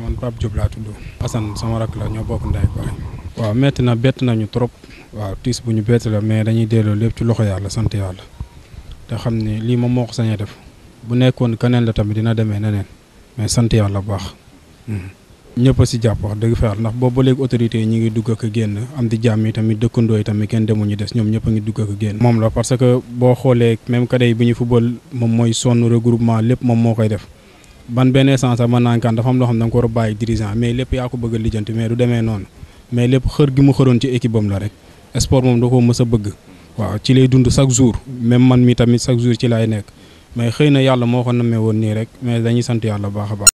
man Pape Diop laa tudd. Assane sama rakk la ñoo bokk ndey baay. waaw metti na bett nañu trop. waaw tiis bu ñu bett la mais dañuy delloo lépp ci loxo yàlla sant yàlla te xam ni lii moom moo ko sañee def bu nekkoon keneen la tamit dina demee neneen mais sant yàlla bu baax. Hmm. ñëpp a si jàpp wax dëgg fa yàlla ndax boobu ba autorité yi ñu ngi dugg ak génn am di jàmm yi tamit dëkkandoo yi tamit kenn demuñu des ñoom ñëpp ngi dugg ak génn. moom la parce que boo xoolee même kadday bi ñu moom mooy sonn regroupement lépp moom moo koy def. ban beneen essence sax mën naa kan dafa am loo xam ne ko war a bàyyi dirigeant mais lépp yaa ko bëgg a lijjanti mais du demee noonu mais lépp xër gi mu xëroon ci équipe am la rek sport moom da koo mës a bëgg waaw ci lay dund chaque jour même man mi tamit chaque jour ci laay nekk mais xëy na yàlla moo ko namee woon nii rek mais dañuy sant yàlla baax a baax